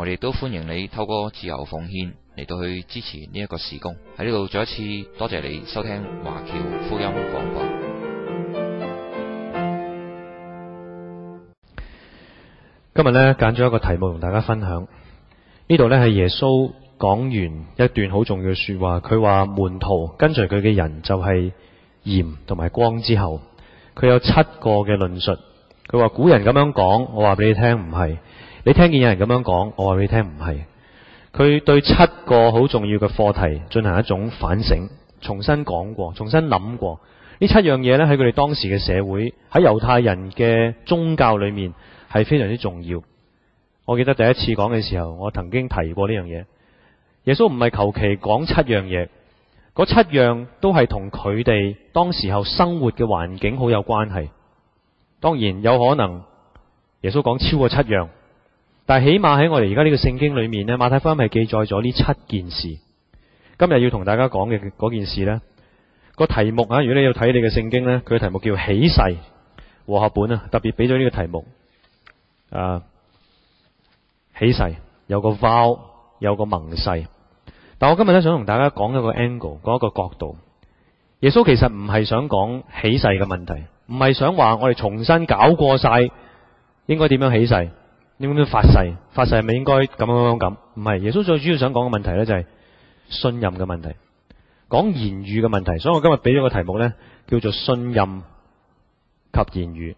我哋都歡迎你透過自由奉獻嚟到去支持呢一個事工。喺呢度再一次多謝你收聽華僑福音廣播。今日呢，揀咗一個題目同大家分享。呢度呢，係耶穌講完一段好重要嘅說話。佢話門徒跟隨佢嘅人就係鹽同埋光之後，佢有七個嘅論述。佢話古人咁樣講，我話俾你聽唔係。你聽見有人咁樣講，我話畀你聽唔係。佢對七個好重要嘅課題進行一種反省，重新講過，重新諗過。呢七樣嘢呢，喺佢哋當時嘅社會，喺猶太人嘅宗教裏面係非常之重要。我記得第一次講嘅時候，我曾經提過呢樣嘢。耶穌唔係求其講七樣嘢，嗰七樣都係同佢哋當時候生活嘅環境好有關係。當然有可能耶穌講超過七樣。但係起碼喺我哋而家呢個聖經裏面咧，馬太福音係記載咗呢七件事。今日要同大家講嘅嗰件事呢，個題目啊，如果你要睇你嘅聖經呢，佢嘅題目叫起誓，和合本啊，特別俾咗呢個題目啊。起誓有個 vow，有個盟誓。但我今日咧想同大家講一個 angle，講一個角度。耶穌其實唔係想講起誓嘅問題，唔係想話我哋重新搞過晒應該點樣起誓。你會唔會發誓？發誓係咪應該咁樣咁？唔係，耶穌最主要想講嘅問題呢，就係信任嘅問題，講言語嘅問題。所以我今日俾咗個題目呢，叫做信任及言語。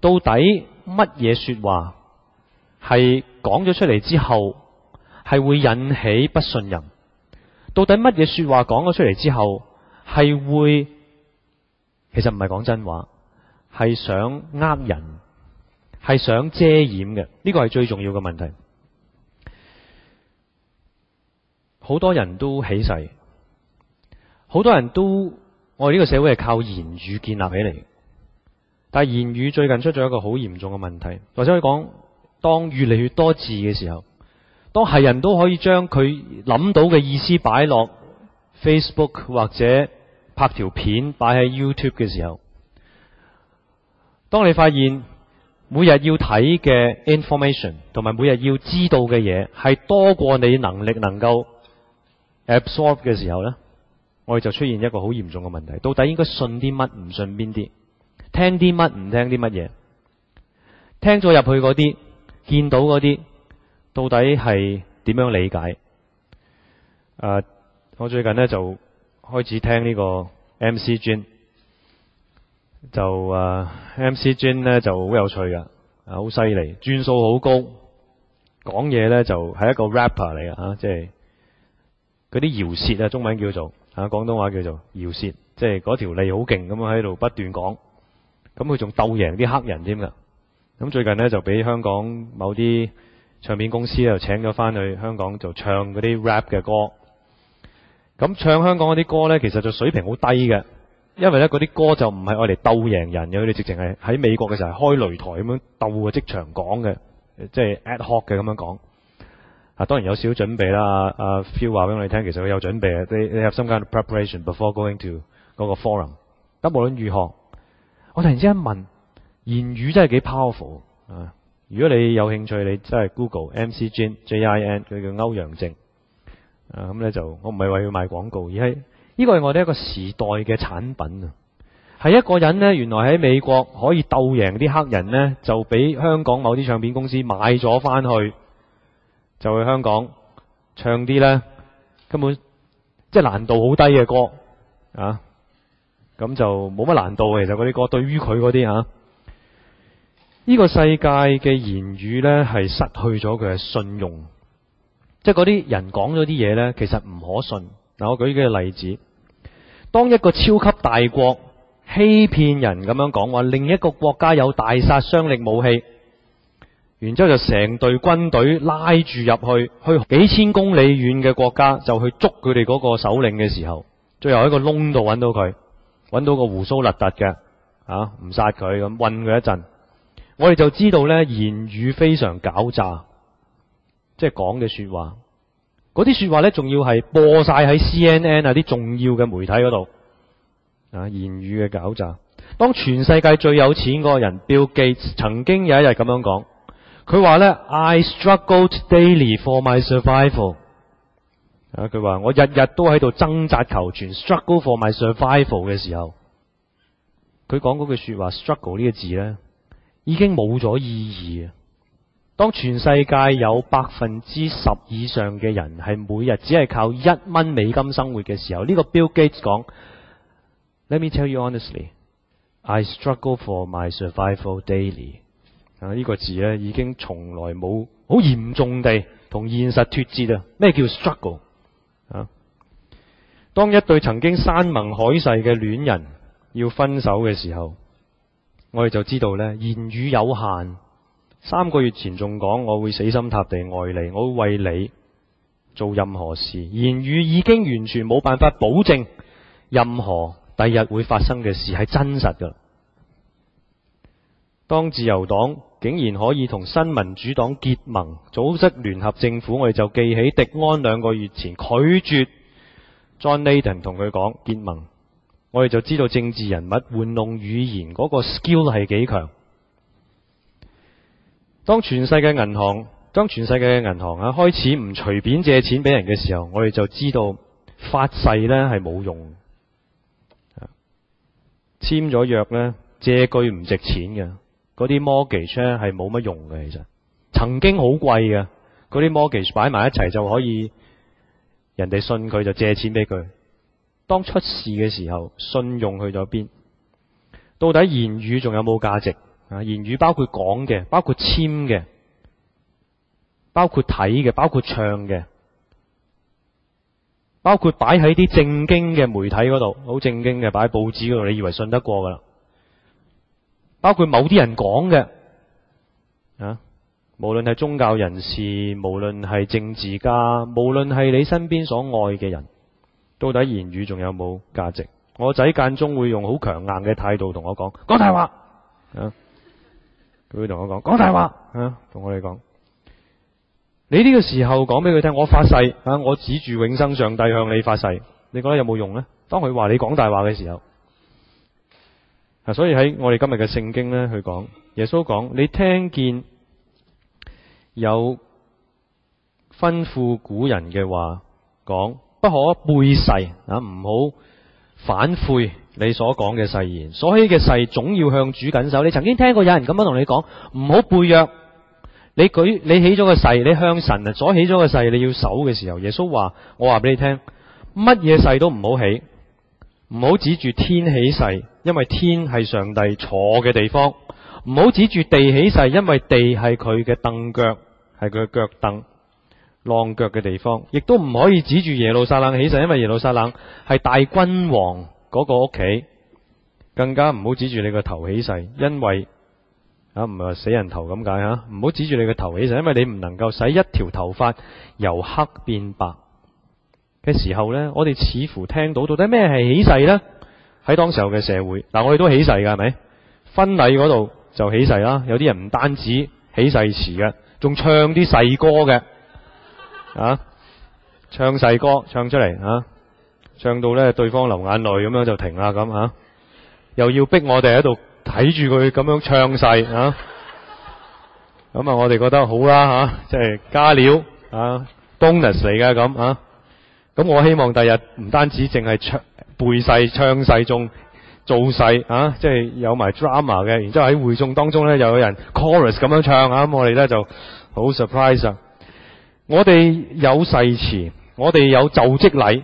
到底乜嘢說話係講咗出嚟之後係會引起不信任？到底乜嘢說話講咗出嚟之後係會其實唔係講真話，係想呃人？係想遮掩嘅，呢個係最重要嘅問題。好多人都起誓，好多人都，我哋呢個社會係靠言語建立起嚟。但係言語最近出咗一個好嚴重嘅問題，或者可以講，當越嚟越多字嘅時候，當係人都可以將佢諗到嘅意思擺落 Facebook 或者拍條片擺喺 YouTube 嘅時候，當你發現。每日要睇嘅 information 同埋每日要知道嘅嘢，係多過你能力能夠 absorb 嘅時候咧，我哋就出現一個好嚴重嘅問題。到底應該信啲乜？唔信邊啲？聽啲乜？唔聽啲乜嘢？聽咗入去啲，見到啲，到底係點樣理解？誒、呃，我最近咧就開始聽呢個 MC 專。就啊，MC Jin 咧就好有趣啊，好犀利，轉數好高，講嘢咧就係、是、一個 rapper 嚟嘅吓、啊、即係啲饒舌啊，中文叫做吓廣、啊、東話叫做饒舌，即係條脷好勁咁樣喺度不斷講，咁佢仲鬥贏啲黑人添㗎。咁、啊、最近咧就俾香港某啲唱片公司咧就請咗翻去香港就唱啲 rap 嘅歌。咁、啊、唱香港啲歌咧，其實就水平好低嘅。因為咧嗰啲歌就唔係我哋鬥贏人嘅，佢哋直情係喺美國嘅時候開擂台咁樣鬥嘅職場講嘅，即係 at hot 嘅咁樣講。啊，當然有少少準備啦。阿 f e i l 話俾我哋聽，其實佢有準備，你你有心間 preparation before going to 嗰個 forum。但無論如何，我突然之間問，言語真係幾 powerful 啊！如果你有興趣，你真係 Google M C J J I N，佢叫歐陽靖。啊，咁咧就我唔係話要賣廣告，而係。呢個係我哋一個時代嘅產品啊！係一個人呢。原來喺美國可以鬥贏啲黑人呢，就俾香港某啲唱片公司買咗翻去，就去香港唱啲呢根本即係難度好低嘅歌啊！咁就冇乜難度嘅，其實嗰啲歌對於佢嗰啲啊，呢個世界嘅言語呢，係失去咗佢嘅信用，即係嗰啲人講咗啲嘢呢，其實唔可信。嗱，我舉幾個例子。當一個超級大國欺騙人咁樣講話，另一個國家有大殺傷力武器，然之後就成隊軍隊拉住入去，去幾千公里遠嘅國家就去捉佢哋嗰個首領嘅時候，最後喺個窿度揾到佢，揾到個鬍鬚立立嘅，吓唔殺佢咁韞佢一陣，我哋就知道呢言語非常狡詐，即係講嘅説話。嗰啲説話咧，仲要係播晒喺 CNN 啊啲重要嘅媒體嗰度啊，言語嘅狡詐。當全世界最有錢嗰個人 Bill Gates 曾經有一日咁樣講，佢話咧：I struggled daily for my survival。啊，佢話我日日都喺度掙扎求全，struggle for my survival 嘅時候，佢講嗰句説話 struggle 呢個字咧，已經冇咗意義啊！當全世界有百分之十以上嘅人係每日只係靠一蚊美金生活嘅時候，呢、這個 Bill Gates 講：Let me tell you honestly, I struggle for my survival daily。啊，呢、這個字咧已經從來冇好嚴重地同現實脫節啊！咩叫 struggle 啊？當一對曾經山盟海誓嘅戀人要分手嘅時候，我哋就知道咧言語有限。三個月前仲講我會死心塌地愛你，我會為你做任何事。言語已經完全冇辦法保證任何第日會發生嘅事係真實㗎。當自由黨竟然可以同新民主黨結盟組織聯合政府，我哋就記起迪安兩個月前拒絕 Johnathan 同佢講結盟，我哋就知道政治人物玩弄語言嗰個 skill 係幾強。當全世界銀行，當全世界嘅銀行啊開始唔隨便借錢俾人嘅時候，我哋就知道發誓咧係冇用，簽咗約咧借據唔值錢嘅，嗰啲 mortgage 係冇乜用嘅其實。曾經好貴嘅嗰啲 mortgage 擺埋一齊就可以，人哋信佢就借錢俾佢。當出事嘅時候，信用去咗邊？到底言語仲有冇價值？啊！言語包括講嘅，包括簽嘅，包括睇嘅，包括唱嘅，包括擺喺啲正經嘅媒體嗰度，好正經嘅擺喺報紙嗰度，你以為信得過㗎喇？包括某啲人講嘅啊，無論係宗教人士，無論係政治家，無論係你身邊所愛嘅人，到底言語仲有冇價值？我仔間中會用好強硬嘅態度同我講講大話啊！佢同我講講大話啊，同我哋講，你呢個時候講俾佢聽，我發誓啊，我指住永生上帝向你發誓，你覺得有冇用呢？當佢話你講大話嘅時候，嗱、啊，所以喺我哋今日嘅聖經呢，佢講耶穌講，你聽見有吩咐古人嘅話，講不可背誓啊，唔好。反悔你所講嘅誓言，所起嘅誓總要向主緊守。你曾經聽過有人咁樣同你講，唔好背約。你舉你起咗個誓，你向神啊，所起咗個誓，你要守嘅時候，耶穌話：我話俾你聽，乜嘢誓都唔好起，唔好指住天起誓，因為天係上帝坐嘅地方；唔好指住地起誓，因為地係佢嘅凳腳，係佢嘅腳凳。浪腳嘅地方，亦都唔可以指住耶路撒冷起誓，因為耶路撒冷係大君王嗰個屋企，更加唔好指住你個頭起誓，因為啊，唔係話死人頭咁解啊，唔好指住你個頭起誓，因為你唔能夠使一條頭髮由黑變白嘅時候呢。我哋似乎聽到到底咩係起誓呢？喺當時候嘅社會，嗱、啊，我哋都起誓噶，係咪婚禮嗰度就起誓啦？有啲人唔單止起誓詞嘅，仲唱啲誓歌嘅。啊！唱細歌，唱出嚟啊！唱到咧，對方流眼淚咁樣就停啦咁啊！又要逼我哋喺度睇住佢咁樣唱細啊！咁啊，我哋覺得好啦吓，即係加料啊，bonus 嚟嘅咁啊！咁我希望第日唔單止淨係唱背細、唱細，仲做細啊！即係有埋 drama 嘅，然之後喺會眾當中咧，有個人 chorus 咁樣唱啊！咁我哋咧就好 surprise 啊！我哋有誓詞，我哋有就職禮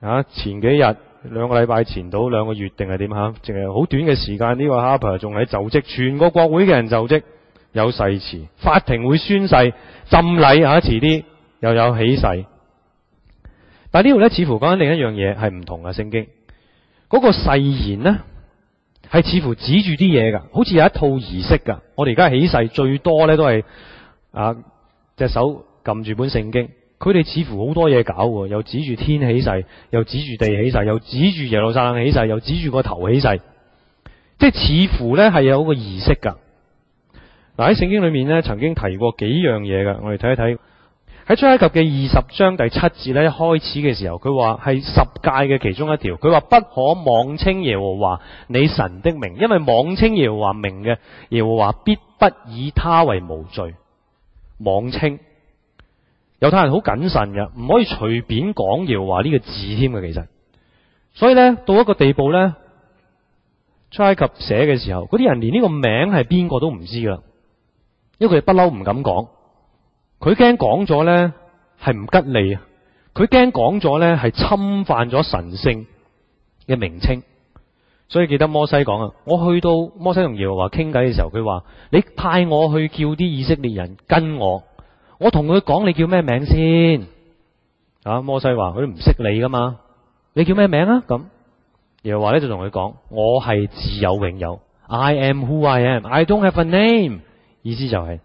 啊！前幾日兩個禮拜前到兩個月定係點吓，淨係好短嘅時間。呢個 Harper 仲喺就職，全個國會嘅人就職有誓詞，法庭會宣誓，浸禮啊，遲啲又有起誓。但係呢度咧，似乎講緊另一樣嘢係唔同嘅。聖經嗰個誓言呢，係似乎指住啲嘢噶，好似有一套儀式噶。我哋而家起誓最多咧都係啊，隻手。撳住本聖經，佢哋似乎好多嘢搞，又指住天起誓，又指住地起誓，又指住耶路撒冷起誓，又指住個頭起誓，即係似乎呢係有一個儀式噶。嗱喺聖經裏面呢曾經提過幾樣嘢噶。我哋睇一睇喺出埃及嘅二十章第七節呢，開始嘅時候，佢話係十誡嘅其中一條，佢話，不可妄稱耶和華你神的名，因為妄稱耶和華名嘅，耶和華必不以他為無罪。妄稱。猶太人好謹慎嘅，唔可以隨便講耶和華呢個字添嘅，其實。所以咧，到一個地步咧，出埃及寫嘅時候，啲人連呢個名係邊個都唔知啦，因為佢哋不嬲唔敢講，佢驚講咗咧係唔吉利，啊，佢驚講咗咧係侵犯咗神聖嘅名稱。所以記得摩西講啊，我去到摩西同耶和華傾偈嘅時候，佢話，你派我去叫啲以色列人跟我。我同佢講，你叫咩名先？啊，摩西話佢都唔識你噶嘛？你叫咩名啊？咁耶和華咧就同佢講：我係自有永有，I am who I am，I don't have a name。意思就係、是、嗰、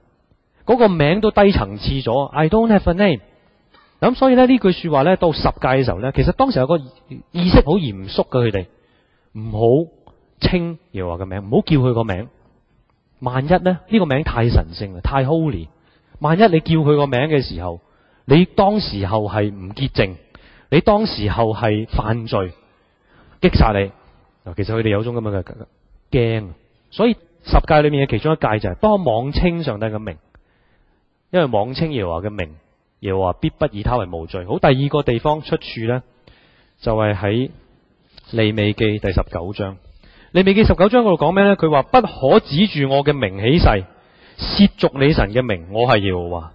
那個名都低層次咗，I don't have a name、嗯。咁所以咧呢句說話咧到十誡嘅時候咧，其實當時有個意識嚴肅好嚴肅嘅，佢哋唔好稱耶和華嘅名，唔好叫佢個名。萬一呢，呢、這個名太神聖啦，太 holy。萬一你叫佢個名嘅時候，你當時候係唔潔淨，你當時候係犯罪，擊殺你。嗱，其實佢哋有種咁樣嘅驚，所以十誡裏面嘅其中一誡就係、是，不可妄稱上帝嘅名，因為妄稱耶和華嘅名，耶和華必不以他為無罪。好，第二個地方出處呢，就係喺利未記第十九章。利未記十九章嗰度講咩呢？佢話不可指住我嘅名起誓。涉足你神嘅名，我係耶和華。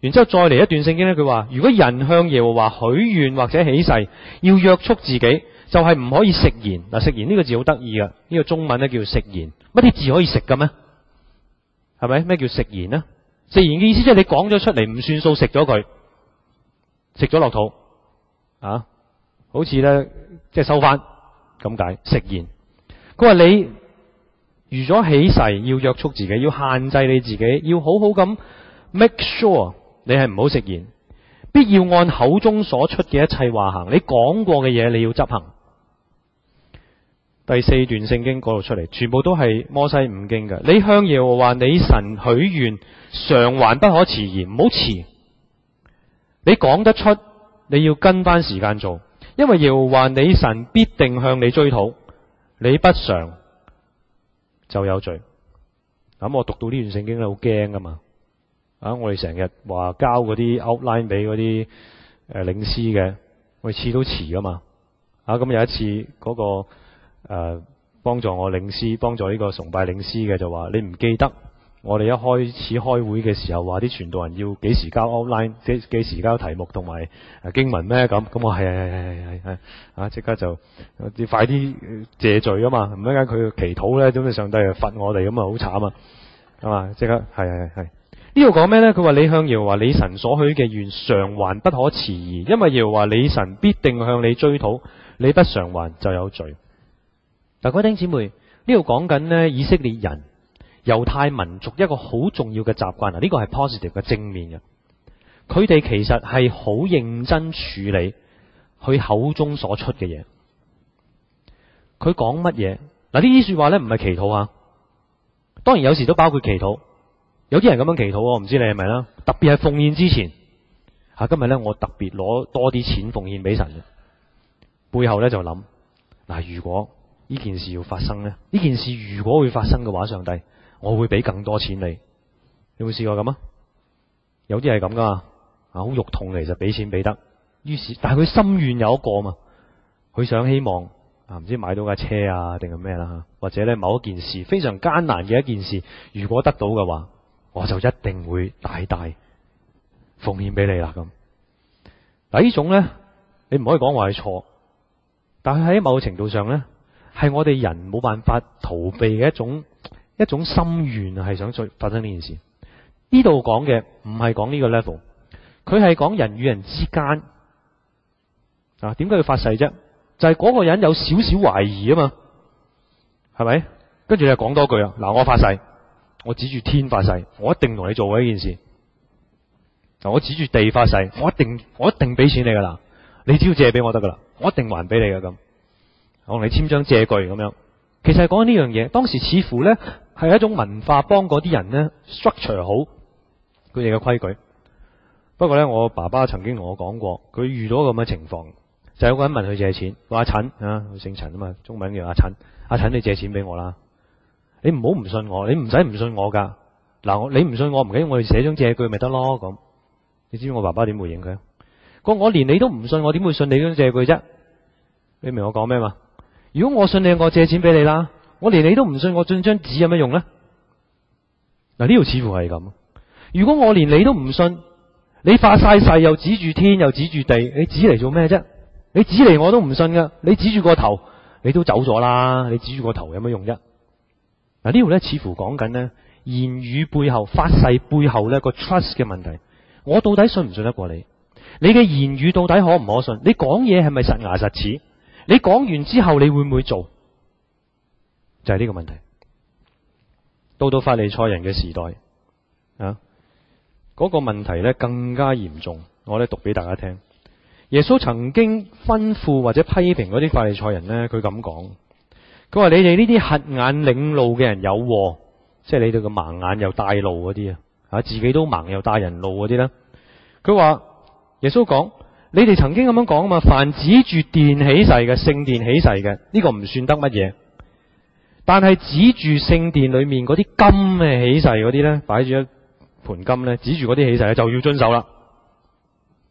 然之後再嚟一段聖經咧，佢話如果人向耶和華許願或者起誓，要約束自己，就係唔可以食言。嗱，食言呢個字好得意噶，呢個中文咧叫食言。乜啲字可以食嘅咩？係咪咩叫食言咧？食言嘅意思即係你講咗出嚟唔算數，食咗佢，食咗落肚啊，好似呢，即係收翻咁解。食言，佢話你。預咗起誓，要約束自己，要限制你自己，要好好咁 make sure 你係唔好食言，必要按口中所出嘅一切話行。你講過嘅嘢你要執行。第四段聖經嗰度出嚟，全部都係摩西五經嘅。你向耶和華你神許願，償還，不可遲延，唔好遲。你講得出，你要跟翻時間做，因為耶和華你神必定向你追討，你不償就有罪。咁、啊、我讀到呢段聖經咧，好驚噶嘛？啊，我哋成日話交啲 outline 俾啲誒、呃、領詩嘅，我哋遲都遲噶嘛？啊，咁、嗯、有一次、嗰個誒、呃、幫助我領詩，幫助呢個崇拜領詩嘅就話：你唔記得。我哋一開始開會嘅時候，話啲傳道人要幾時交 outline，即幾時交題目同埋經文咩？咁咁我係係係係係啊！即刻就、啊、快啲謝罪啊嘛！唔一解佢祈禱咧，總之上帝就罰我哋咁啊，好慘啊！係、啊、嘛？即刻係係係。是是是是呢度講咩咧？佢話：你向耶和華你神所許嘅願償還不可遲延，因為耶和華你神必定向你追討，你不償還就有罪。嗱，各位弟兄姊妹，呢度講緊咧以色列人。猶太民族一個好重要嘅習慣啊，呢個係 positive 嘅正面嘅，佢哋其實係好認真處理佢口中所出嘅嘢。佢講乜嘢嗱？呢啲說話咧唔係祈禱啊，當然有時都包括祈禱。有啲人咁樣祈禱，我唔知你係咪啦。特別係奉獻之前，啊，今日咧我特別攞多啲錢奉獻俾神嘅，背後咧就諗嗱，如果呢件事要發生咧，呢件事如果會發生嘅話，上帝。我會俾更多錢你，你有冇試過咁啊？有啲係咁噶啊好肉痛嚟，就俾錢俾得。於是，但係佢心願有一個嘛，佢想希望啊，唔知買到架車啊，定係咩啦，或者咧某一件事非常艱難嘅一件事，如果得到嘅話，我就一定會大大奉獻俾你啦咁。嗱，呢種呢，你唔可以講話係錯，但係喺某程度上呢，係我哋人冇辦法逃避嘅一種。一種心願係想再發生呢件事，呢度講嘅唔係講呢個 level，佢係講人與人之間啊，點解要發誓啫？就係、是、嗰個人有少少懷疑啊嘛，係咪？跟住又講多句啊，嗱，我發誓，我指住天發誓，我一定同你做過呢件事。嗱，我指住地發誓，我一定我一定俾錢你噶啦，你只要借俾我得噶啦，我一定還俾你噶咁，我同你簽張借據咁樣，其實係講緊呢樣嘢，當時似乎呢。係一種文化，幫嗰啲人咧 structure 好佢哋嘅規矩。不過咧，我爸爸曾經同我講過，佢遇到咁嘅情況，就是、有個人問佢借錢，話阿陳啊，佢姓陳啊嘛，中文叫阿陳，阿陳你借錢俾我啦，你唔好唔信我，你唔使唔信我㗎。嗱，你唔信我唔緊要，我哋寫張借據咪得咯。咁，你知唔知我爸爸點回應佢啊？我我連你都唔信，我點會信你張借據啫？你明我講咩嘛？如果我信你，我借錢俾你啦。我連你都唔信，我進張紙有乜用呢？嗱，呢度似乎係咁。如果我連你都唔信，你發晒誓又指住天又指住地，你指嚟做咩啫？你指嚟我都唔信噶。你指住個頭，你都走咗啦。你指住個頭有乜用啫？嗱，呢度咧似乎講緊呢言語背後發誓背後呢個 trust 嘅問題。我到底信唔信得過你？你嘅言語到底可唔可信？你講嘢係咪實牙實齒？你講完之後你會唔會做？就係呢個問題，到到法利賽人嘅時代啊，嗰個問題呢更加嚴重。我咧讀俾大家聽，耶穌曾經吩咐或者批評嗰啲法利賽人呢，佢咁講，佢話，你哋呢啲瞎眼領路嘅人有，即係你哋個盲眼又帶路嗰啲啊，啊自己都盲又帶人路嗰啲啦。佢話耶穌講，你哋曾經咁樣講嘛，凡指住殿起誓嘅，聖殿起誓嘅，呢個唔算得乜嘢。但係指住聖殿裏面嗰啲金嘅起誓嗰啲呢，擺住一盤金呢，指住嗰啲起誓咧就要遵守啦。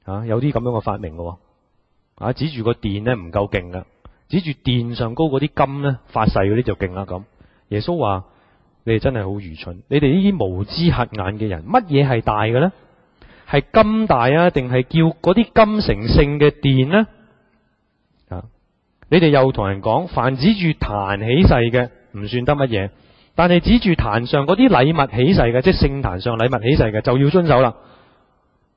啊，有啲咁樣嘅發明噶，啊指住個殿呢唔夠勁噶，指住殿上高嗰啲金呢發誓嗰啲就勁啦咁。耶穌話：你哋真係好愚蠢，你哋呢啲無知瞎眼嘅人，乜嘢係大嘅呢？係金大啊，定係叫嗰啲金成聖嘅殿呢？啊，你哋又同人講，凡指住壇起誓嘅。唔算得乜嘢，但係指住壇上嗰啲禮物起誓嘅，即係聖壇上禮物起誓嘅，就要遵守啦。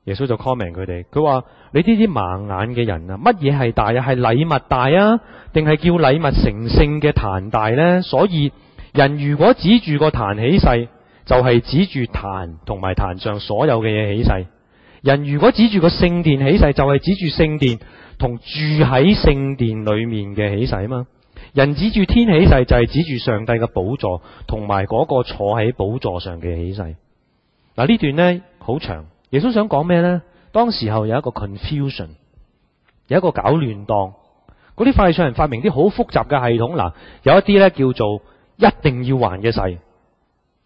耶穌就 comment 佢哋，佢話：你呢啲盲眼嘅人啊，乜嘢係大啊？係禮物大啊，定係叫禮物成聖嘅壇大咧？所以人如果指住個壇起誓，就係指住壇同埋壇上所有嘅嘢起誓；人如果指住個聖殿起誓，就係指住聖殿同住喺聖殿裏面嘅起誓啊嘛。人指住天起誓就係、是、指住上帝嘅寶座同埋嗰個坐喺寶座上嘅起誓。嗱，呢段咧好長，耶穌想講咩咧？當時候有一個 confusion，有一個搞亂檔，嗰啲法上人發明啲好複雜嘅系統。嗱、呃、有一啲咧叫做一定要還嘅誓，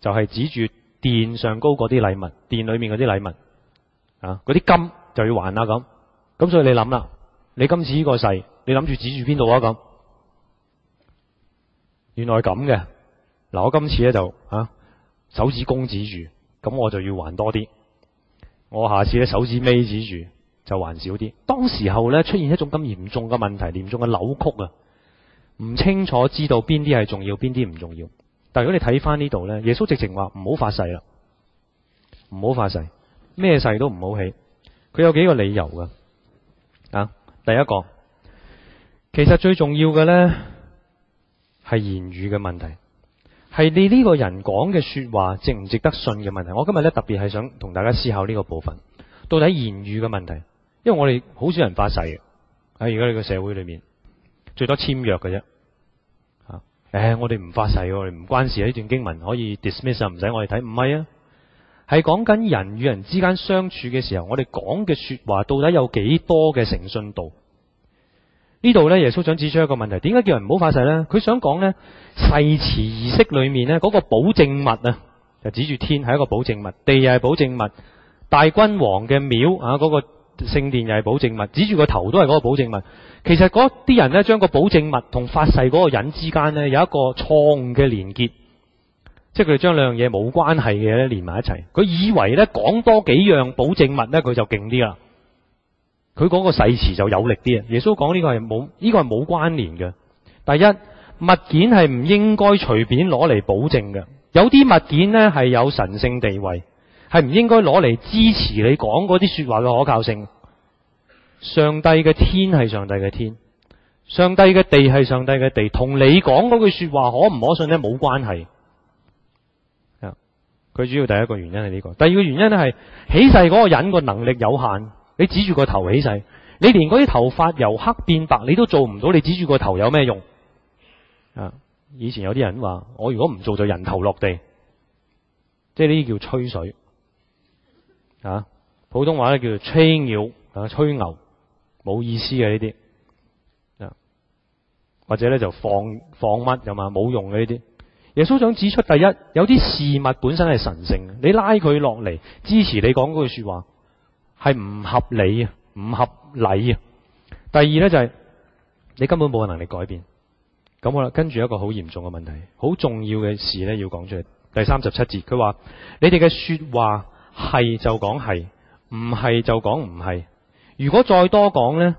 就係、是、指住殿上高嗰啲禮物，殿裏面嗰啲禮物啊，嗰啲金就要還啦咁。咁所以你諗啦，你今次呢個誓，你諗住指住邊度啊咁？原來咁嘅嗱，我今次咧就啊手指公指住，咁我就要還多啲。我下次咧手指尾指住就還少啲。當時候咧出現一種咁嚴重嘅問題，嚴重嘅扭曲啊，唔清楚知道邊啲係重要，邊啲唔重要。但如果你睇翻呢度咧，耶穌直情話唔好發誓啦，唔好發誓，咩誓都唔好起。佢有幾個理由嘅啊。第一個，其實最重要嘅咧。係言語嘅問題，係你呢個人講嘅說話值唔值得信嘅問題。我今日咧特別係想同大家思考呢個部分，到底言語嘅問題。因為我哋好少人發誓嘅，喺而家呢個社會裏面，最多簽約嘅啫。吓，誒，我哋唔發誓，我哋唔關事。呢段經文可以 dismiss 啊，唔使我哋睇。唔係啊，係講緊人與人之間相處嘅時候，我哋講嘅說話到底有幾多嘅誠信度？呢度咧，耶穌想指出一個問題，點解叫人唔好發誓呢？佢想講呢，誓詞儀式裏面呢，嗰個保證物啊，就指住天係一個保證物，地又係保證物，大君王嘅廟啊，嗰個聖殿又係保證物，指住個頭都係嗰個保證物。其實嗰啲人呢，將個保證物同發誓嗰個人之間呢，有一個錯誤嘅連結，即係佢哋將兩樣嘢冇關係嘅嘢連埋一齊。佢以為呢，講多幾樣保證物呢，佢就勁啲啦。佢嗰個誓詞就有力啲啊！耶穌講，呢個係冇，呢個係冇關聯嘅。第一，物件係唔應該隨便攞嚟保證嘅。有啲物件呢，係有神聖地位，係唔應該攞嚟支持你講嗰啲說話嘅可靠性。上帝嘅天係上帝嘅天，上帝嘅地係上帝嘅地，同你講嗰句說話可唔可信呢？冇關係。佢主要第一個原因係呢個，第二個原因咧係起誓嗰個人個能力有限。你指住個頭起誓，你連嗰啲頭髮由黑變白，你都做唔到。你指住個頭有咩用？啊，以前有啲人話：我如果唔做就人頭落地，即係呢啲叫吹水。啊，普通話咧叫做吹鳥、啊、吹牛，冇意思嘅呢啲。啊，或者咧就放放乜，有嘛冇用嘅呢啲。耶穌想指出，第一有啲事物本身係神聖，你拉佢落嚟支持你講句說話。係唔合理啊，唔合理啊。第二呢，就係你根本冇能力改變咁啦。跟住一個好嚴重嘅問題，好重要嘅事呢，要講出嚟。第三十七節佢話：你哋嘅說話係就講係，唔係就講唔係。如果再多講呢，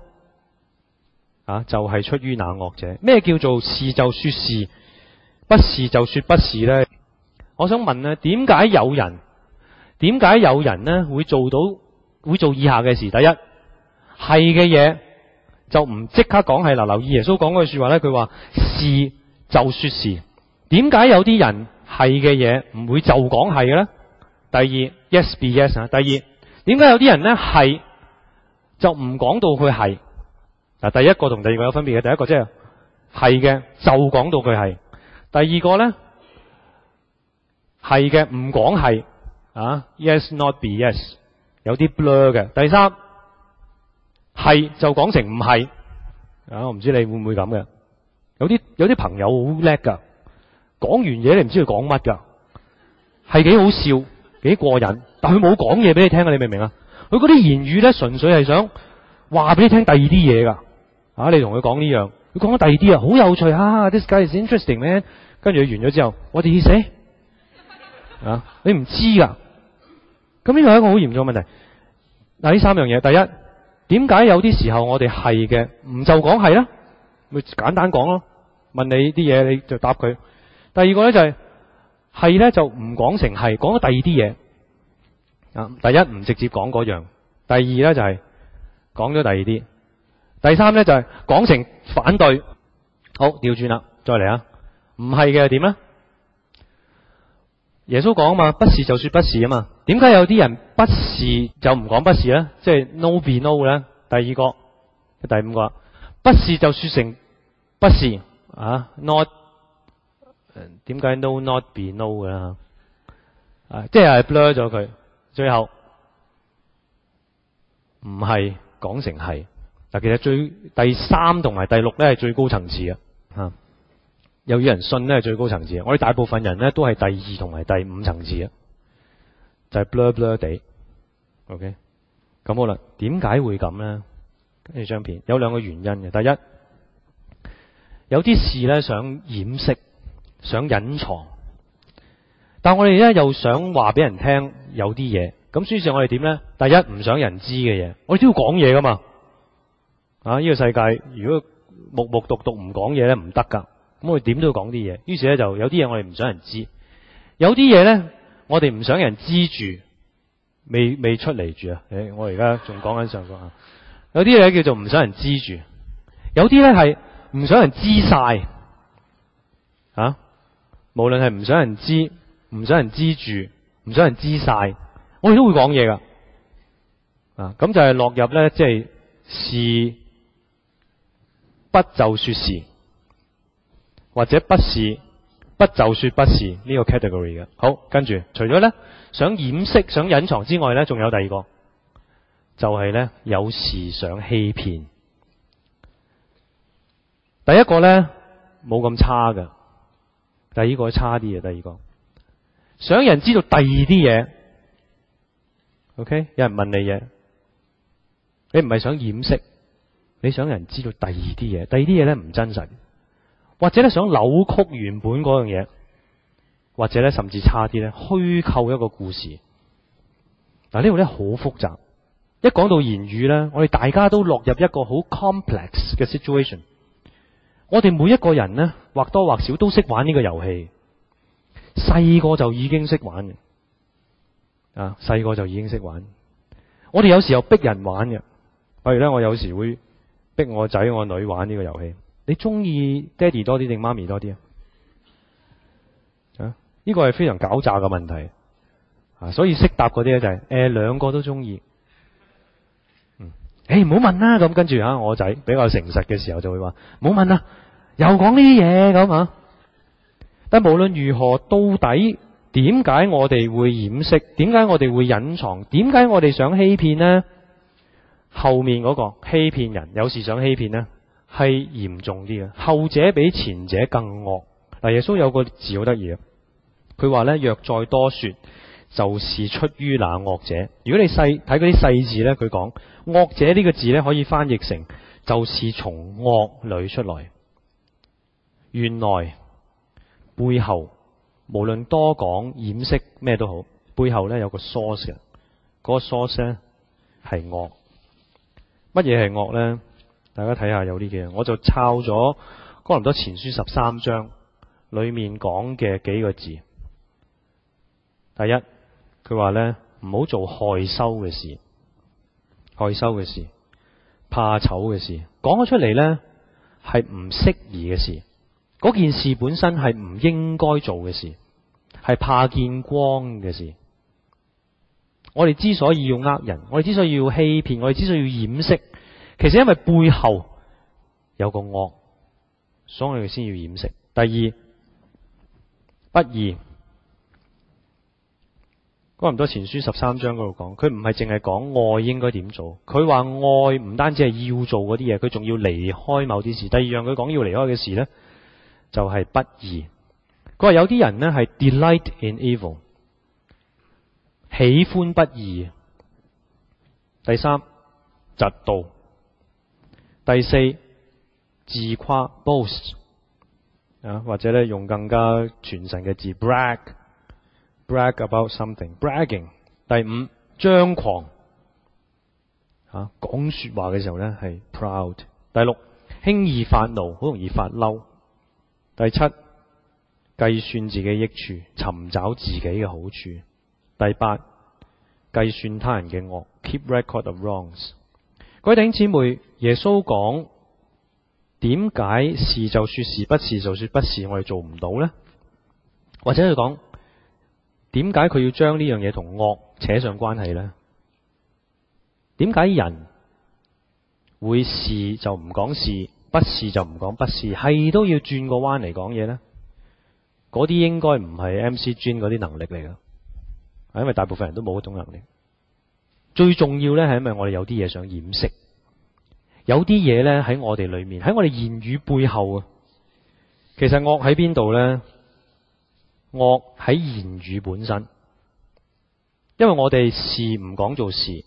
啊就係出於那惡者。咩叫做是就說是，不是就說不是呢？我想問呢，點解有人點解有人呢會做到？會做以下嘅事：第一，係嘅嘢就唔即刻講係。嗱，留意耶穌講句說話咧，佢話是就說是。點解有啲人係嘅嘢唔會就講係嘅咧？第二，yes be yes 啊。第二，點解有啲人咧係就唔講到佢係嗱？第一個同第二個有分別嘅。第一個即係係嘅就講到佢係。第二個咧係嘅唔講係啊，yes not be yes。有啲 blur 嘅，第三係就講成唔係啊！我唔知你會唔會咁嘅。有啲有啲朋友好叻噶，講完嘢你唔知佢講乜噶，係幾好笑，幾過癮，但佢冇講嘢俾你聽啊！你明唔明啊？佢嗰啲言語咧，純粹係想話俾你聽第二啲嘢噶。啊，你同佢講呢樣，佢講咗第二啲啊，好有趣啊！This guy is interesting 咧。跟住佢完咗之後，我哋要死啊！你唔知噶，啊。咁呢個係一個好嚴重嘅問題。嗱，呢三樣嘢，第一，點解有啲時候我哋係嘅唔就講係咧？咪簡單講咯，問你啲嘢你就答佢。第二個、就係、呢就係係呢，就唔講成係，講咗第二啲嘢。啊，第一唔直接講嗰樣，第二呢就係講咗第二啲，第三呢就係、係、講成反對。好，調轉啦，再嚟啊，唔係嘅點呢？耶穌講啊嘛，不是就說不是啊嘛。點解有啲人不是就唔講不是咧？即係 no be no 咧。第二個第五個，不是就說成不是啊？no 點解 no not be no 噶啦？即係 blur 咗佢。最後唔係講成係。嗱，其實最第三同埋第六咧係最高層次啊。又有人信咧係最高層次。我哋大部分人咧都係第二同埋第五層次啊，就係、是、blur blur 地。OK，咁好啦。點解會咁咧？跟住張片有兩個原因嘅。第一，有啲事咧想掩飾、想隱藏，但我哋咧又想話俾人聽有啲嘢。咁於是，我哋點咧？第一唔想人知嘅嘢，我哋都要講嘢噶嘛。啊！依、這個世界如果目目獨獨唔講嘢咧，唔得噶。咁佢點都要講啲嘢，於是咧就有啲嘢，我哋唔想人知，有啲嘢咧我哋唔想人知住，未未出嚟住啊！我而家仲講緊上講啊，有啲嘢叫做唔想人知住，有啲咧係唔想人知晒啊！無論係唔想人知，唔想人知住，唔想人知晒，我哋都會講嘢噶啊！咁就係落入咧，即係事不就說事。或者不是，不就說不是呢個 category 嘅。好，跟住除咗咧想掩飾、想隱藏之外咧，仲有第二個，就係咧有時想欺騙。第一個咧冇咁差嘅，第二個差啲嘅。第二個想人知道第二啲嘢。OK，有人問你嘢，你唔係想掩飾，你想人知道第二啲嘢。第二啲嘢咧唔真實。或者咧想扭曲原本樣嘢，或者咧甚至差啲咧虛構一個故事。嗱、啊、呢度咧好複雜，一講到言語咧，我哋大家都落入一個好 complex 嘅 situation。我哋每一個人咧，或多或少都識玩呢個遊戲，細個就已經識玩嘅，啊細個就已經識玩。我哋有時候逼人玩嘅，譬如咧我有時會逼我仔我女玩呢個遊戲。你中意爹哋多啲定媽咪多啲啊？啊，呢個係非常狡詐嘅問題啊！所以識答嗰啲咧就係誒，兩個都中意。嗯，誒唔好問啦，咁跟住啊，我仔比較誠實嘅時候就會話唔好問啦，又講呢啲嘢咁啊。但無論如何，到底點解我哋會掩飾？點解我哋會隱藏？點解我哋想欺騙呢？後面嗰個欺騙人，有時想欺騙呢。係嚴重啲嘅，後者比前者更惡。嗱，耶穌有個字好得意，佢話呢，若再多說，就是出於那惡者。如果你細睇嗰啲細字呢，佢講惡者呢個字呢，可以翻譯成就是從惡裏出來。原來背後無論多講掩飾咩都好，背後呢有個 source 嗰個 source 呢係惡。乜嘢係惡呢？大家睇下有啲嘅，我就抄咗《哥林多前書》十三章裏面講嘅幾個字。第一，佢話咧，唔好做害羞嘅事，害羞嘅事，怕醜嘅事，講咗出嚟咧，係唔適宜嘅事，嗰件事本身係唔應該做嘅事，係怕見光嘅事。我哋之所以要呃人，我哋之所以要欺騙，我哋之，之所以要掩飾。其實因為背後有個惡，所以佢先要掩飾。第二，不義。哥林多前書十三章嗰度講，佢唔係淨係講愛應該點做，佢話愛唔單止係要做嗰啲嘢，佢仲要離開某啲事。第二樣佢講要離開嘅事呢，就係不義。佢話有啲人呢係 delight in evil，喜歡不義。第三，嫉妒。第四，自誇 （boast） 啊，或者咧用更加傳神嘅字 （brag）。brag, brag about something，bragging。第五，張狂啊，講說話嘅時候呢係 proud。第六，輕易發怒，好容易發嬲。第七，計算自己益處，尋找自己嘅好處。第八，計算他人嘅惡，keep record of wrongs。各位弟兄姊妹。耶穌講，點解是就說是，不是就說不是，我哋做唔到呢？或者佢講，點解佢要將呢樣嘢同惡扯上關係呢？點解人會是就唔講是，不是就唔講不是，係都要轉個彎嚟講嘢呢？嗰啲應該唔係 MC 專嗰啲能力嚟噶，因為大部分人都冇嗰種能力。最重要呢，係因為我哋有啲嘢想掩飾。有啲嘢呢，喺我哋裏面，喺我哋言語背後啊，其實惡喺邊度呢？惡喺言語本身，因為我哋是唔講做事，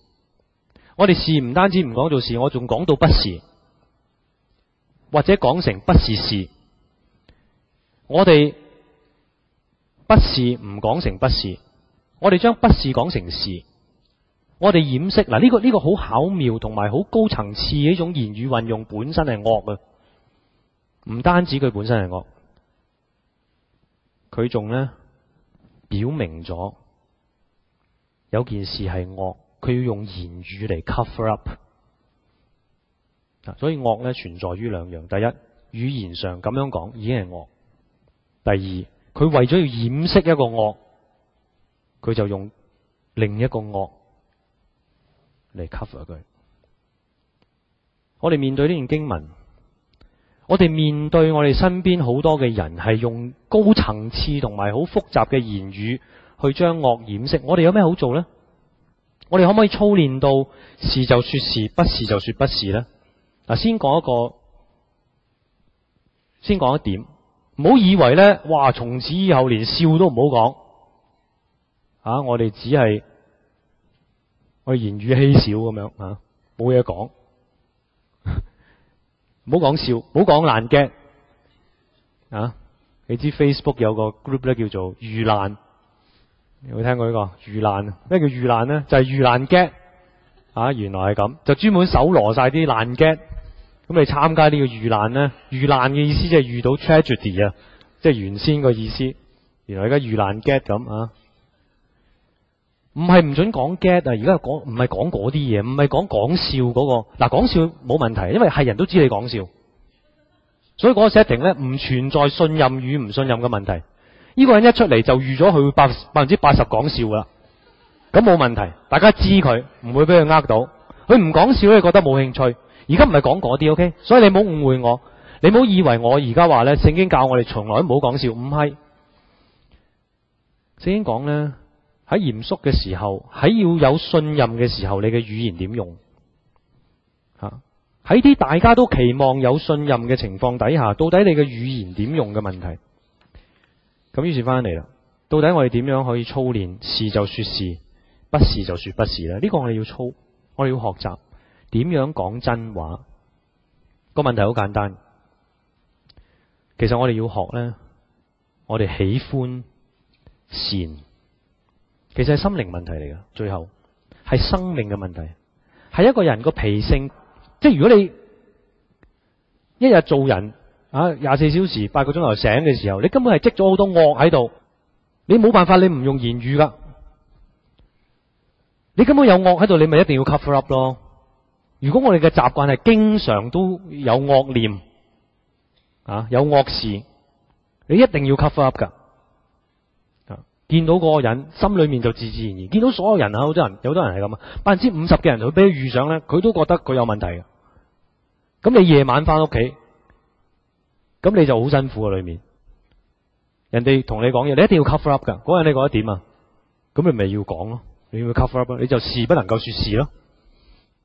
我哋是唔單止唔講做事，我仲講到不是，或者講成不是事，我哋不是唔講成不是，我哋將不是講成是。我哋掩飾嗱呢個呢個好巧妙同埋好高層次嘅一種言語運用本身係惡嘅，唔單止佢本身係惡，佢仲呢表明咗有件事係惡，佢要用言語嚟 cover up。所以惡呢存在於兩樣，第一，語言上咁樣講已經係惡；第二，佢為咗要掩飾一個惡，佢就用另一個惡。嚟 cover 一句，我哋面對呢段經文，我哋面對我哋身邊好多嘅人，係用高層次同埋好複雜嘅言語去將惡掩飾。我哋有咩好做呢？我哋可唔可以操練到是就說是，不是就說不是呢？嗱，先講一個，先講一點，唔好以為呢：「哇！從此以後連笑都唔好講吓，啊，我哋只係。佢言語稀少咁樣嚇，冇嘢講，唔好講笑，唔好講爛 gag 啊！你知 Facebook 有個 group 咧叫做遇難，有冇聽過呢個遇難？咩叫遇難呢？就係遇難 gag 啊！原來係咁，就專門搜羅晒啲爛 gag，咁你參加呢個遇難呢？遇難嘅意思即係遇到 tragedy 啊，即係原先個意思。原來而家遇難 gag 咁啊！唔係唔准講 get 啊！而家講唔係講嗰啲嘢，唔係講講笑嗰個。嗱，講笑冇問題，因為係人都知你講笑，所以嗰個 setting 咧唔存在信任與唔信任嘅問題。呢個人一出嚟就預咗佢百百分之八十講笑噶啦，咁冇問題，大家知佢，唔會俾佢呃到。佢唔講笑，佢覺得冇興趣。而家唔係講嗰啲，OK？所以你唔好誤會我，你冇以為我而家話咧，聖經教我哋從來都唔好講笑，唔係。聖經講咧。喺嚴肅嘅時候，喺要有信任嘅時候，你嘅語言點用？吓，喺啲大家都期望有信任嘅情況底下，到底你嘅語言點用嘅問題？咁於是翻嚟啦，到底我哋點樣可以操練，是就說是，是不是就說不是咧？呢個我哋要操，我哋要學習點樣講真話。個問題好簡單，其實我哋要學呢：我哋喜歡善。其實係心靈問題嚟噶最後係生命嘅問題，係一個人個脾性，即係如果你一日做人啊，廿四小時八個鐘頭醒嘅時候，你根本係積咗好多惡喺度，你冇辦法，你唔用言語噶你根本有惡喺度，你咪一定要 cover up 咯。如果我哋嘅習慣係經常都有惡念啊，有惡事，你一定要 cover up 噶見到嗰個人，心裏面就自自然然見到所有人啊，好多人，有好多人係咁啊，百分之五十嘅人佢俾佢遇上咧，佢都覺得佢有問題。咁你夜晚翻屋企，咁你就好辛苦啊。裏面人哋同你講嘢，你一定要 cover up 噶。嗰日你覺得點啊，咁你咪要講咯，你要 cover up 你就事不能夠說事咯，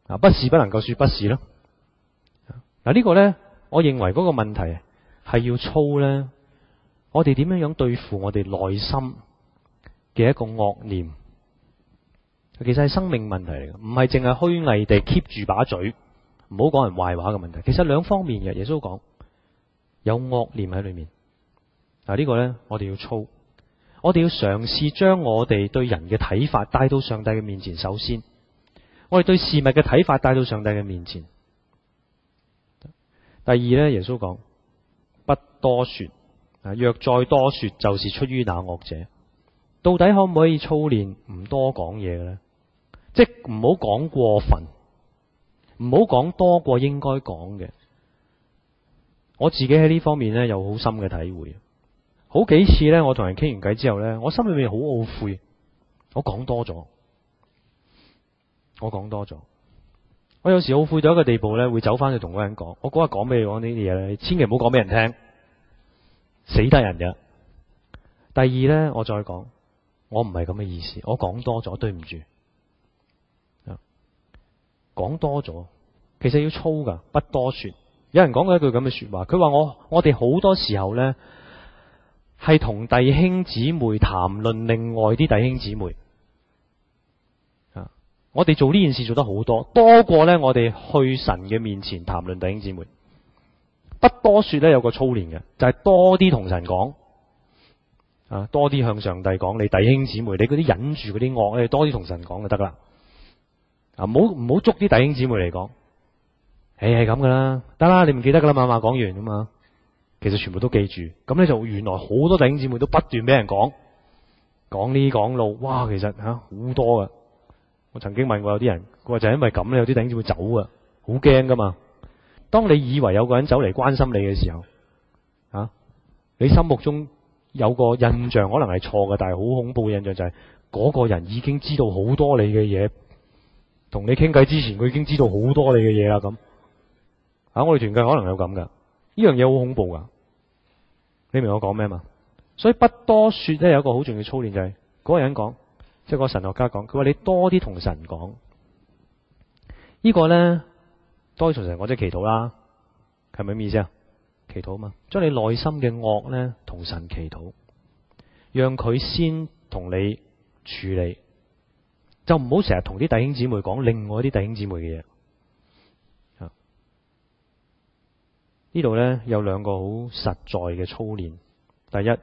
啊，不是不能夠說不是咯。嗱、啊啊這個、呢個咧，我認為嗰個問題係要操咧，我哋點樣樣對付我哋內心？嘅一個惡念，其實係生命問題嚟，唔係淨係虛偽地 keep 住把嘴，唔好講人壞話嘅問題。其實兩方面嘅，耶穌講有惡念喺裏面嗱，呢、這個呢，我哋要操，我哋要嘗試將我哋對人嘅睇法帶到上帝嘅面前。首先，我哋對事物嘅睇法帶到上帝嘅面前。第二呢，耶穌講不多説，若再多説，就是出於那惡者。到底可唔可以操練唔多講嘢嘅咧？即係唔好講過分，唔好講多過應該講嘅。我自己喺呢方面咧有好深嘅體會。好幾次咧，我同人傾完偈之後咧，我心裏面好懊悔，我講多咗，我講多咗。我有時懊悔到一個地步咧，會走翻去同嗰人講：我嗰日講俾你講呢啲嘢咧，千祈唔好講俾人聽，死得人嘅。第二咧，我再講。我唔係咁嘅意思，我講多咗，對唔住，講多咗，其實要操噶，不多說。有人講過一句咁嘅說話，佢話我我哋好多時候呢係同弟兄姊妹談論另外啲弟兄姊妹，我哋做呢件事做得好多，多過呢我哋去神嘅面前談論弟兄姊妹。不多說呢，有個操練嘅，就係、是、多啲同神講。啊，多啲向上帝講，你弟兄姊妹，你嗰啲忍住嗰啲惡咧，你多啲同神講就得啦。啊，唔好唔好捉啲弟兄姊妹嚟講，誒係咁噶啦，得啦，你唔記得噶啦，嘛，嘛講完噶嘛，其實全部都記住。咁咧就原來好多弟兄姊妹都不斷俾人講，講呢講路，哇，其實吓好，啊，多噶。我曾經問過有啲人，佢話就係因為咁咧，有啲弟兄姊妹走噶，好驚噶嘛。當你以為有個人走嚟關心你嘅時候，啊，你心目中。有個印象可能係錯嘅，但係好恐怖嘅印象就係、是、嗰個人已經知道好多你嘅嘢，同你傾偈之前佢已經知道好多你嘅嘢啦咁。吓、啊，我哋團契可能有咁噶，呢樣嘢好恐怖噶。你明我講咩嘛？所以不多說咧，有一個好重要操練就係、是、嗰個人講，即、就、係、是、個神學家講，佢話你多啲同神講。這個、呢個咧，多啲同神講，即係祈禱啦，係咪咁意思啊？祈禱嘛，將你內心嘅惡呢，同神祈禱，讓佢先同你處理，就唔好成日同啲弟兄姊妹講另外啲弟兄姊妹嘅嘢。嗯，呢度呢，有兩個好實在嘅操練，第一，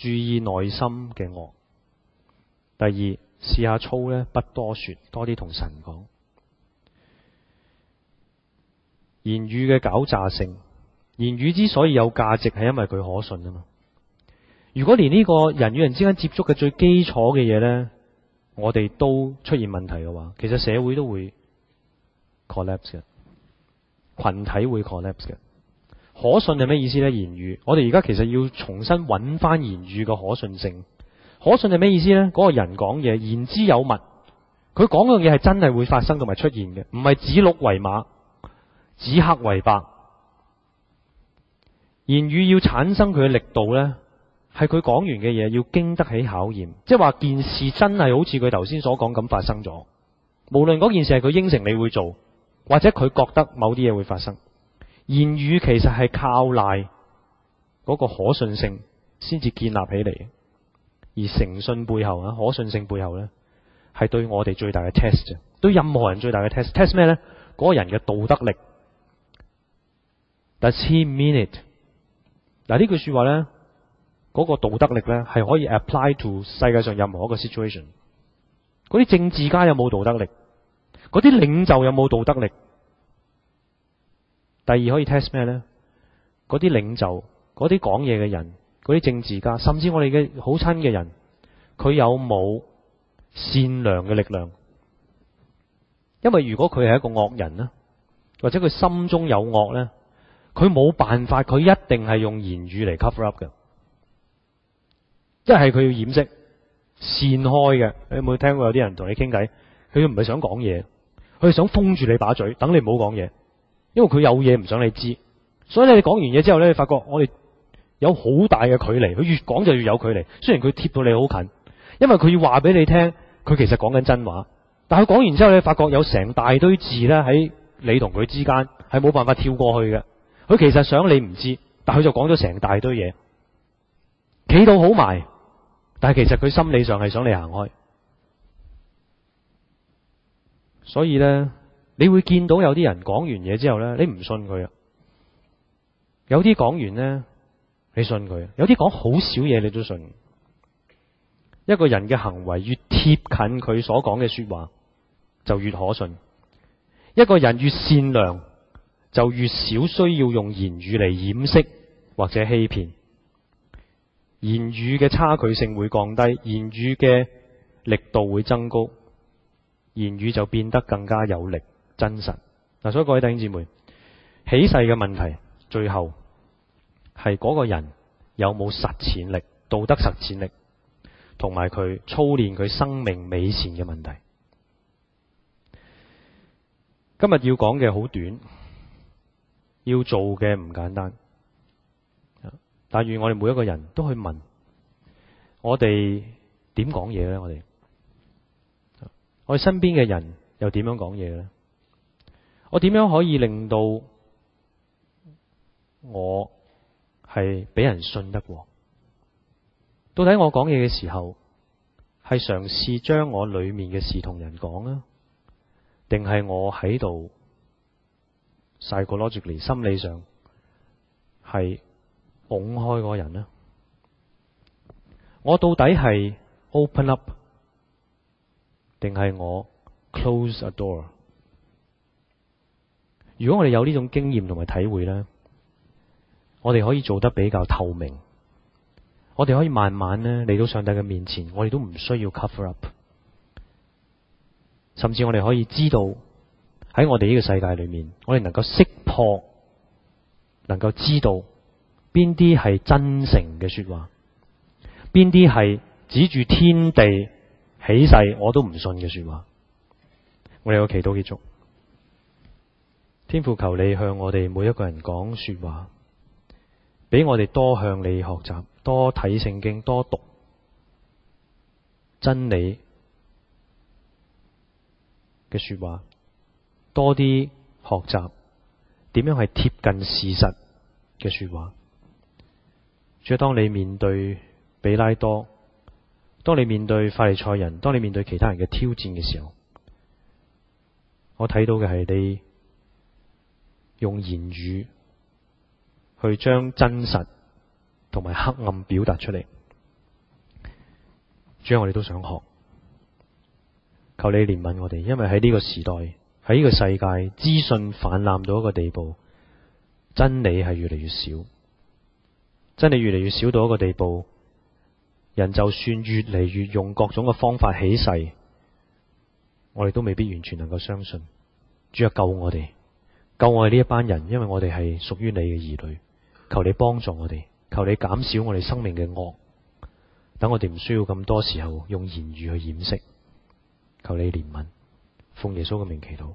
注意內心嘅惡；第二，試下操呢，不多說，多啲同神講，言語嘅狡詐性。言語之所以有價值，係因為佢可信啊嘛。如果連呢個人與人之間接觸嘅最基礎嘅嘢呢，我哋都出現問題嘅話，其實社會都會 collapse 嘅，群體會 collapse 嘅。可信係咩意思呢？言語，我哋而家其實要重新揾翻言語嘅可信性。可信係咩意思呢？嗰個人講嘢言之有物，佢講嘅嘢係真係會發生同埋出現嘅，唔係指鹿為馬、指黑為白。言語要產生佢嘅力度呢，係佢講完嘅嘢要經得起考驗，即係話件事真係好似佢頭先所講咁發生咗。無論嗰件事係佢應承你會做，或者佢覺得某啲嘢會發生，言語其實係靠賴嗰個可信性先至建立起嚟。而誠信背後啊，可信性背後呢，係對我哋最大嘅 test，對任何人最大嘅 test。test 咩呢？嗰、嗰個人嘅道德力。Does he mean it？嗱，呢句說話呢，嗰個道德力呢，係可以 apply to 世界上任何一個 situation。嗰啲政治家有冇道德力？嗰啲領袖有冇道德力？第二可以 test 咩呢？嗰啲領袖、嗰啲講嘢嘅人、嗰啲政治家，甚至我哋嘅好親嘅人，佢有冇善良嘅力量？因為如果佢係一個惡人咧，或者佢心中有惡呢。佢冇辦法，佢一定係用言語嚟 cover up 嘅，即係佢要掩飾、閃開嘅。你有冇聽過有啲人同你傾偈？佢唔係想講嘢，佢係想封住你把嘴，等你唔好講嘢，因為佢有嘢唔想你知。所以你講完嘢之後咧，你發覺我哋有好大嘅距離。佢越講就越有距離，雖然佢貼到你好近，因為佢要話俾你聽，佢其實講緊真話。但係佢講完之後，你發覺有成大堆字咧，喺你同佢之間係冇辦法跳過去嘅。佢其實想你唔知，但佢就講咗成大堆嘢，企到好埋，但係其實佢心理上係想你行開。所以呢，你會見到有啲人講完嘢之後呢，你唔信佢；有啲講完呢，你信佢；有啲講好少嘢，你都信。一個人嘅行為越貼近佢所講嘅說話，就越可信。一個人越善良。就越少需要用言語嚟掩飾或者欺騙，言語嘅差距性會降低，言語嘅力度會增高，言語就變得更加有力、真實嗱、啊。所以各位弟兄姐妹，起誓嘅問題最後係嗰個人有冇實踐力、道德實踐力，同埋佢操練佢生命美善嘅問題。今日要講嘅好短。要做嘅唔簡單，但願我哋每一個人都去問：我哋點講嘢咧？我哋我哋身邊嘅人又點樣講嘢咧？我點樣可以令到我係俾人信得過？到底我講嘢嘅時候係嘗試將我裡面嘅事同人講啊，定係我喺度？細個，logically，心理上係拱開個人咧。我到底係 open up 定係我 close a door？如果我哋有呢種經驗同埋體會呢，我哋可以做得比較透明。我哋可以慢慢咧，嚟到上帝嘅面前，我哋都唔需要 cover up。甚至我哋可以知道。喺我哋呢個世界裏面，我哋能夠識破，能夠知道邊啲係真誠嘅說話，邊啲係指住天地起誓我都唔信嘅說話。我哋有個祈禱結束，天父求你向我哋每一個人講說話，俾我哋多向你學習，多睇聖經，多讀真理嘅說話。多啲學習點樣係貼近事實嘅說話。所以當你面對比拉多，當你面對法利賽人，當你面對其他人嘅挑戰嘅時候，我睇到嘅係你用言語去將真實同埋黑暗表達出嚟。主要我哋都想學，求你憐憫我哋，因為喺呢個時代。喺呢個世界，資訊氾濫到一個地步，真理係越嚟越少，真理越嚟越少到一個地步，人就算越嚟越用各種嘅方法起誓，我哋都未必完全能夠相信。主啊，救我哋，救我哋呢一班人，因為我哋係屬於你嘅兒女。求你幫助我哋，求你減少我哋生命嘅惡，等我哋唔需要咁多時候用言語去掩飾。求你憐憫。奉耶穌嘅名祈禱。